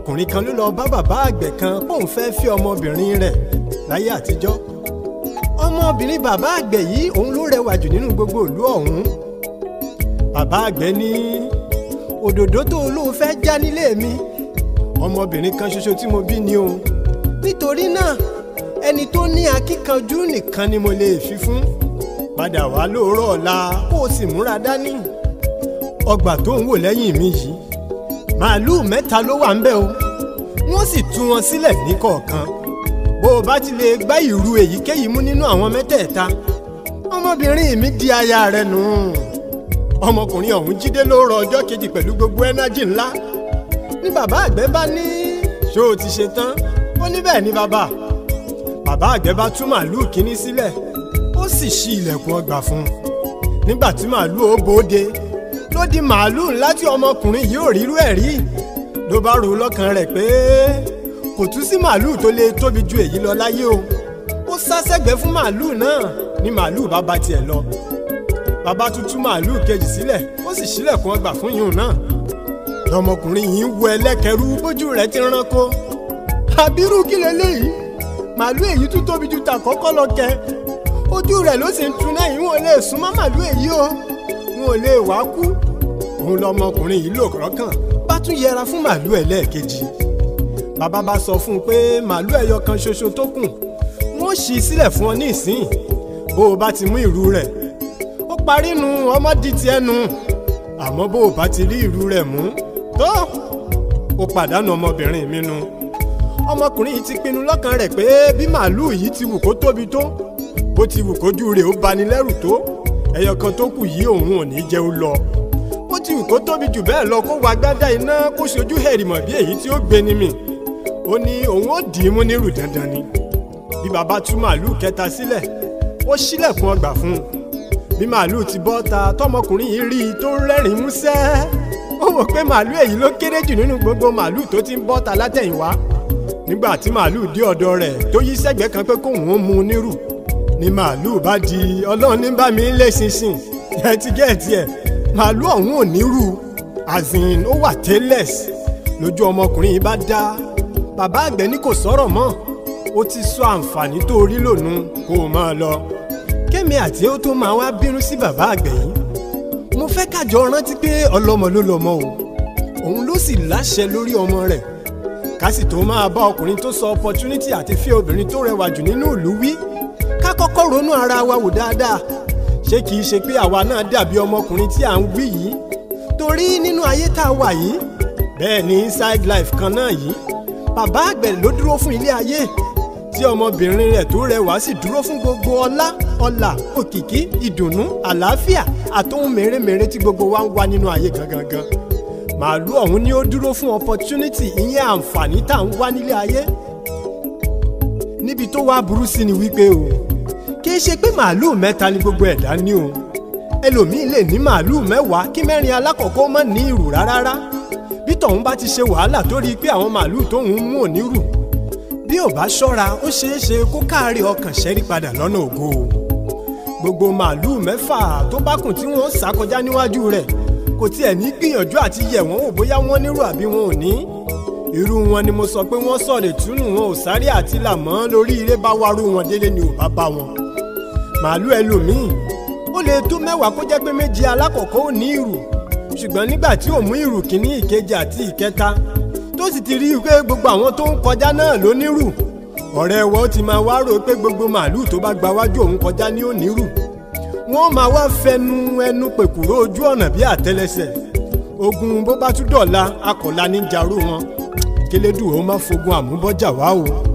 ọkùnrin kan ló lọ bá bàbá àgbẹ̀ kan bóun fẹ́ fi ọmọbìnrin rẹ̀ láyé àtijọ́ ọmọbìnrin bàbá àgbẹ̀ yìí òun ló rẹwà jù nínú gbogbo ìlú ọ̀hún bàbá àgbẹ̀ ní òdòdó tó olóhùn fẹ́ já nílé mi ọmọbìnrin kan ṣoṣo tí mo bí ni o nítorí náà ẹni tó ní akíkanjú nìkan ni mo lè fi fún padà wá lóòrọ̀ ọ̀la kó o sì múra dání ọgbà tó ń wò lẹ́yìn mi yìí màálùú mẹ́ta ló wà ń bẹ̀ o wọ́n sì tú wọn sílẹ̀ ní kọ̀ọ̀kan bó o bá ti lè gbá ìrù èyíkéyìí mú nínú àwọn mẹ́tẹ̀ẹ̀ta ọmọbìnrin mi di aya rẹ nù ọmọkùnrin ọ̀hún jíde ló rọ ọjọ́ kejì pẹ̀lú gbogbo ẹ́nájì ńlá ní bàbá àgbẹ̀ bá ní ṣó o ti ṣe tán ó ní bẹ́ẹ̀ ni bàbá bàbá àgbẹ̀ bá tú màálùú kínní sílẹ̀ ó sì ṣí ilẹ̀kùn ọgbà fún un nígbà tí màálùú ó bòde ló di màálù ńlá tí ọmọkùnrin yìí ò rírú ẹ̀ rí ló bá rò lọ́kàn rẹ̀ pé kò tún sí màálù tó lè tóbi ju èyí lọ láyé o ó sá sẹ́gbẹ́ fún màálù náà ni màálù bá ba tiẹ̀ lọ bàbá tún tú màálù kejì sílẹ̀ ó sì ṣílẹ̀kùn ọgbà fún yìnyín náà lọmọkùnrin yìí ń wo ẹlẹ́kẹ̀rú bójú rẹ̀ ti ránko àbírú kí leléyìí màálù èyí tún tóbi ju tàkọ́kọ́ lọ kẹ ojú rẹ̀ ló sì ń tun náà ìwọ̀n lè súnmọ́ màálù èyí o wọn ò lè wá kú òun lọmọkùnrin yìí lò kọ́kàn bá tún yẹra fún màálù ẹ̀ lẹ́ẹ̀kejì bàbá bá sọ fún un pé màálù ẹyọ kan ṣoṣo tó kù wọn ò ṣí sílẹ̀ fún ọ ní ìsín bó o bá ti mú ìrù rẹ̀ ó parí nu ọmọ di ti ẹnu àmọ́ bó o bá ti rí ìrù rẹ̀ mú tó o pàdánù ọmọbìnrin mi nu ọmọkùnrin yìí ti pinnu lọ́kàn rẹ̀ pé bí màálù yìí ti wù kó tóbi tó bó ti wù kójú rẹ̀ ó bani lẹ́rù tó ẹyọ kan tó kù yìí òun ò ní jẹ́ ó lọ bó ti wù kó tóbi jù bẹ́ẹ̀ lọ kó wá gbádá iná kó ṣojú hẹ̀rìmọ̀ bí èyí tí ó gbé ní mi ó ní òun ó dì í mú nírù dandan ni bí baba tú màálùú kẹta sílẹ̀ ó ṣílẹ̀kùn ọgbà fún un bí màálùú ti bọ́ ta tọmọkùnrin yìí rí i tó rẹ́rìn músẹ́ ó wò pé màálùú èyí ló kéré jù nínú gbogbo màálùú tó ti ń bọ́ ta látẹ̀yìnwá nígbà tí màálùú ni màálù bá di ọlọ́run ní bá mi lé ṣinṣin ẹ ti gẹ́ẹ̀tì ẹ̀ màálù ọ̀hún ò ní rú azin ó wà tailless lójú ọmọkùnrin yìí bá dá bàbá àgbẹ̀ ní kò sọ̀rọ̀ mọ́ ó ti sọ àǹfààní tó rí lónìí kó o máa lọ kẹ́mi àti ó tó máa wá bínú sí bàbá àgbẹ̀ yìí mo fẹ́ kájọ rántí pé ọlọ́mọ ló lọ́mọ o òun ló sì láṣẹ lórí ọmọ rẹ̀ ká sì tó máa bá ọkùnrin tó sọ opportunity àti fẹ́ obìnrin tó rẹwà jù nínú ìlú wí kọ́kọ́ ronú ara wa wò dáadáa ṣé kìí ṣe pé àwa náà dàbí ọmọkùnrin tí à ń wí yìí torí nínú ayé tá a wà yìí bẹ́ẹ̀ ni inside life kan náà yìí bàbá àgbẹ̀ ló dúró fún ilé ayé tí ọmọbìnrin rẹ̀ tó rẹwà sì dúró fún gbogbo ọlá ọlà òkìkí ìdùnnú àlàáfíà àtòhun mèremère tí gbogbo wa ń wá nínú ayé gangan gan màálù ọ̀hún ni ó dúró fún opportunity ìyẹn àǹfààní tá à ń wá nílé ayé níbi tó wá burú sí ni wípé o kì í ṣe pé màálùú mẹ́ta ni gbogbo ẹ̀dá ní o ẹlòmíín lè ní màálùú mẹ́wàá kí mẹ́rin alákọ̀ọ́kọ́ má ní ìrù rárá bí tọ̀hún bá ti ṣe wàhálà tó rí i pé àwọn màálùú tóun mú òní rù bí ò bá ṣọ́ra ó ṣeé ṣe kó káàárẹ̀ ọkàn ṣẹ́rí padà lọ́nà ògo gbogbo màálùú mẹ́fà tó bá kùn tí wọ́n sá kọjá níwájú rẹ̀ kò tiẹ̀ ní gbìyànjú àti yẹ̀ wọ́n wò bóyá wọ́n nírú àbí wọn ò ní irú wọn ni mo sọ pé wọ́n sọ̀rọ̀ ìtúnú wọn ò sáré àti làmọ́ lórí ilé bá warú wọn délé ni ò bá bá wọn màálù ẹlòmíì ó lè tó mẹ́wàá kó jẹ́ pé méje alákọ̀ọ́kọ́ ò ní ìrù ṣùgbọ́n nígbà tí ò mú ìrù kínní ìkejì àti ìkẹta tó sì ti rí i pé gbogbo àwọn tó ń kọjá náà ló nírù ọ̀rẹ́ wọn ti máa wá rò pé gbogbo màálù tó bá gba wájú òun kọjá ní ò nírù wọ́n máa wá fẹnu ẹnu pèkúrò ojú ọ̀nà bí àtẹlẹsẹ̀ ogun bó bá tún dọ̀la akọ̀la ní jarú wọn kélédù ó má fogun àmúbọ́jà wá o.